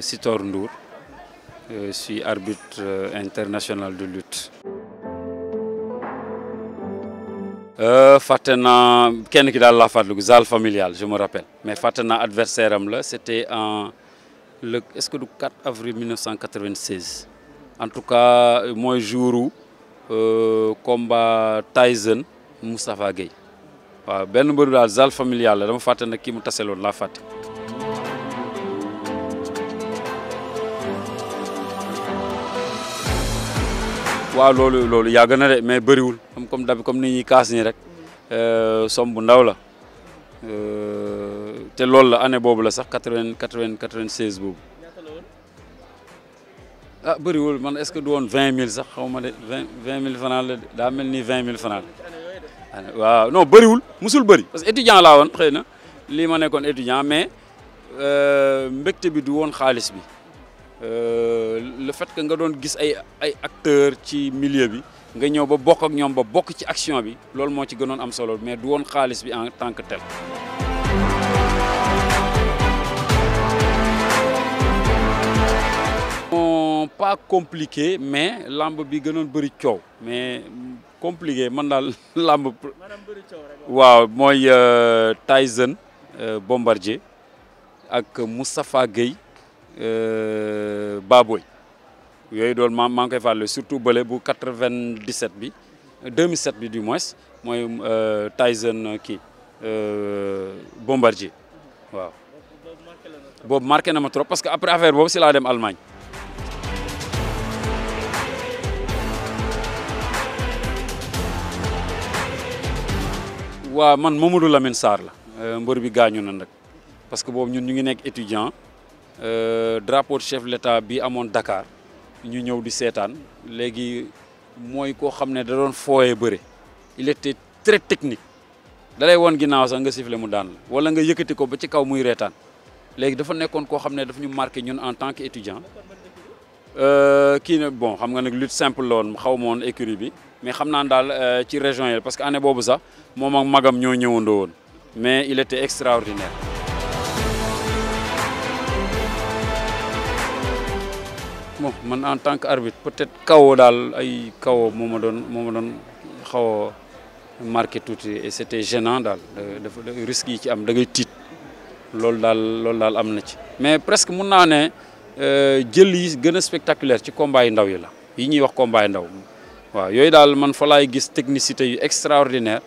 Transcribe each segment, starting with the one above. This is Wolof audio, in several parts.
Sitor Ndour, euh, je suis arbitre euh, international de lutte. Euh, fatena, naa kenn ki daal laa fàttaliku Zal familial je me rappelle mais fatena adversaire am c'était en le est-ce que le 4 avril 1996 en tout cas mooy jouru combat Tyson Moustapha Gueye waaw benn mbëru Zal familial la dama fàtte nag ki mu taseloon la fàtte. waaw loolu loolu yàgg na de mais bëriwul comme comme dab comme ni ñuy kaas nii rek euh, somme bu ndaw la euh, te loolu la année boobu la sax quatre vingt quatre vingt quatre vingt seize boobu ah bëriwul man est ce que du woon vingt mille sax xaw ma de vingt vingt mille franc la daa mel ni vingt mille franc la waaw non bëriwul musul bëri parce que étudiant laa woon xëy na lii ma nekkoon étudiant mais euh, mbégte bi du woon xaalis bi. Euh, le fait que nga doon gis ay ay acteurs ci milieu bi nga ñëw ba bokk ak ñom ba bokk ci action bi lool mo ci gënoon am solo mais du won xaalis bi en tant que tel. pas compliqué mais lamb bi gënoon bëri ciow mais compliqué man dal lamb ciow rek waaw moy euh, Tyson euh, Bombardier ak Moustapha Gueye. Euh, Baboy il doon maa maa surtout les bu 97 2007 du moins euh, Tyson qui euh, Bombardier waaw. Marque marqué na trop parce que après affaire boobu si Ouais, en Allemagne. waaw man Mamadou Lamine la euh, bi na parce que boobu ñun ñu ngi euh, drapeau de chef de l'État bi amoon Dakar ñu ñëw di sétane légui moy ko xamné da doon fooyee bëre il était très technique dalay won ginaaw ginnaaw sax nga siffle mu daan wala nga yëkëti ko ba ci kaw muy rétane légui dafa nekkoon ko xamné daf ñu marqué ñun en tant qu'étudiant euh ki ne bon xam nga nag lutte simple la woon xaw ma woon écurie bi mais xamna dal euh, ci région yi parce que année bobu sax mom ak magam ñoo ñëwandoo woon mais il était extraordinaire bon man en tant qu'arbitre peut-être kawoo dal ay kawoo moma don moma don ma xaw marqué tout et c'était gênant dal le risque yi ci am da ngay tiit lol dal lol dal am na ci mais presque mun né euh jël yi gën spectaculaire ci combat yi ndaw yi la yi ñi wax combat yi ndaw waaw yoy dal man fa gis technicité yu extraordinaire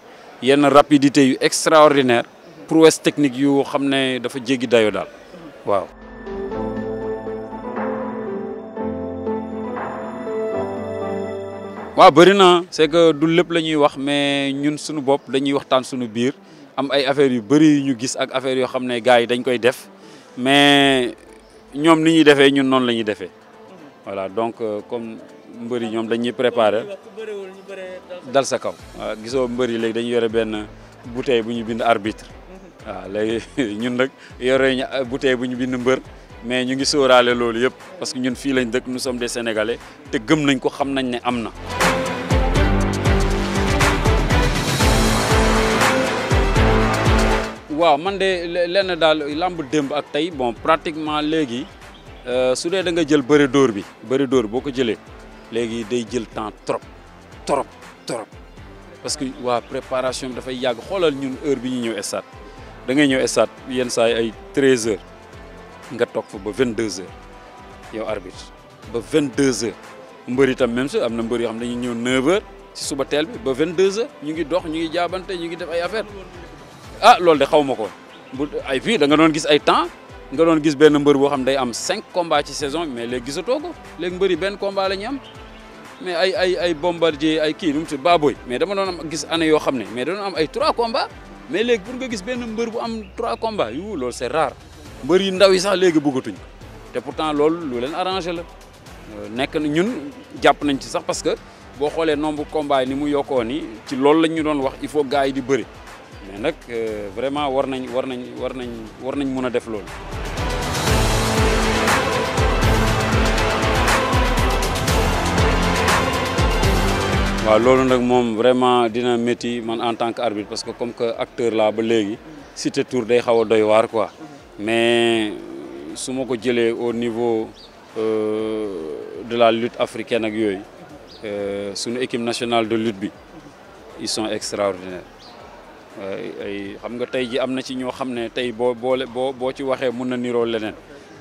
yenn rapidité yu extraordinaire prouesse technique yu xamné dafa jéggi dayo dal waaw waaw bëri na c'est que du lépp la ñuy wax mais ñun suñu bopp dañuy waxtaan suñu biir am ay affaires yu bëri yu ñu gis ak affaires yoo xam ne gars yi dañ koy def mais ñoom ni ñuy defee ñun noonu la ñuy defee voilà donc euh, comme mbër yi ñoom dañuy préparer dal sa kaw waaw gisoo mbër yi léegi dañu yore benn bouteille bu ñu bind arbitre waaw léegi ñun rek yore ñu bouteille bu ñu bind mbër mais ñu ngi sóoraale loolu yëpp parce que ñun fii lañ dëkk nous sommes des sénégalais te gëm nañ ko xam nañ ne am na waaw man de lenn daal làmb démb ak tey bon pratiquement léegi euh, su dee da nga jël bëri dóor bi bëri dóor boo ko jëlee léegi day jël temps trop trop trop parce que waa préparation bi dafay yàgg xoolal ñun heure bi ñu ñëw stade da ngay ñëw stade yenn saa yi ay 13 heures nga toog fa ba 22 heures yow arbitre ba 22 heures mbër itam même si am na mbër yoo xam ne dañuy ñëw 9 heures ci suba teel bi ba 22 heures ñu ngi dox ñu ngi jaabante ñu ngi def ay affaire ah lol de xawmako ay fii da nga don gis ay temps nga don gis ben mbeur boo xam day am 5 combats ci saison mais les gisatoo ko léegi mbër yi benn combat la ñu am mais ay ay ay bombardier ay ki num ci Baboy mais dama don am gis année yo xamne ne mais don am ay 3 combats mais léegi pour nga gis ben mbeur bu am 3 combats yu lol c'est rare mbër yi ndaw yi sax léegi bëggatuñ té pourtant lol lu len arranger la euh, nek ñun japp nañ ci sax parce que bo xolé nombre combat ni mu yokkoo ni ci lol lañ ñu don wax il faut gaay di bëre mais nak euh, vraiment war nañ war nañ war nañ war nañ mëna def lool wa loolu nak mom vraiment dina métti man en tant que parce que comme que acteur là ba léegi cité tour day xaw doy war quoi mais su ma ko au niveau euh, de la lutte africaine ak euh, sunu équipe nationale de lutte bi ils sont extraordinaires. ay xam nga tey ji am na ci ñoo xam ne tey boo boole boo boo ci waxee mun na niroo leneen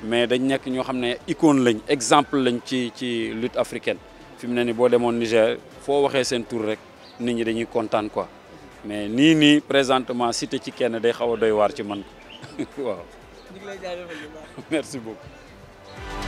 mais dañ nekk ñoo xam ne icône lañ exemple lañ ci ci lutte africaine fi mu ne ni boo demoon Niger foo waxee seen tour rek nit ñi dañuy kontaan quoi mais nii nii présentement cité ci kenn day xaw a doy waar ci man waaw. ñu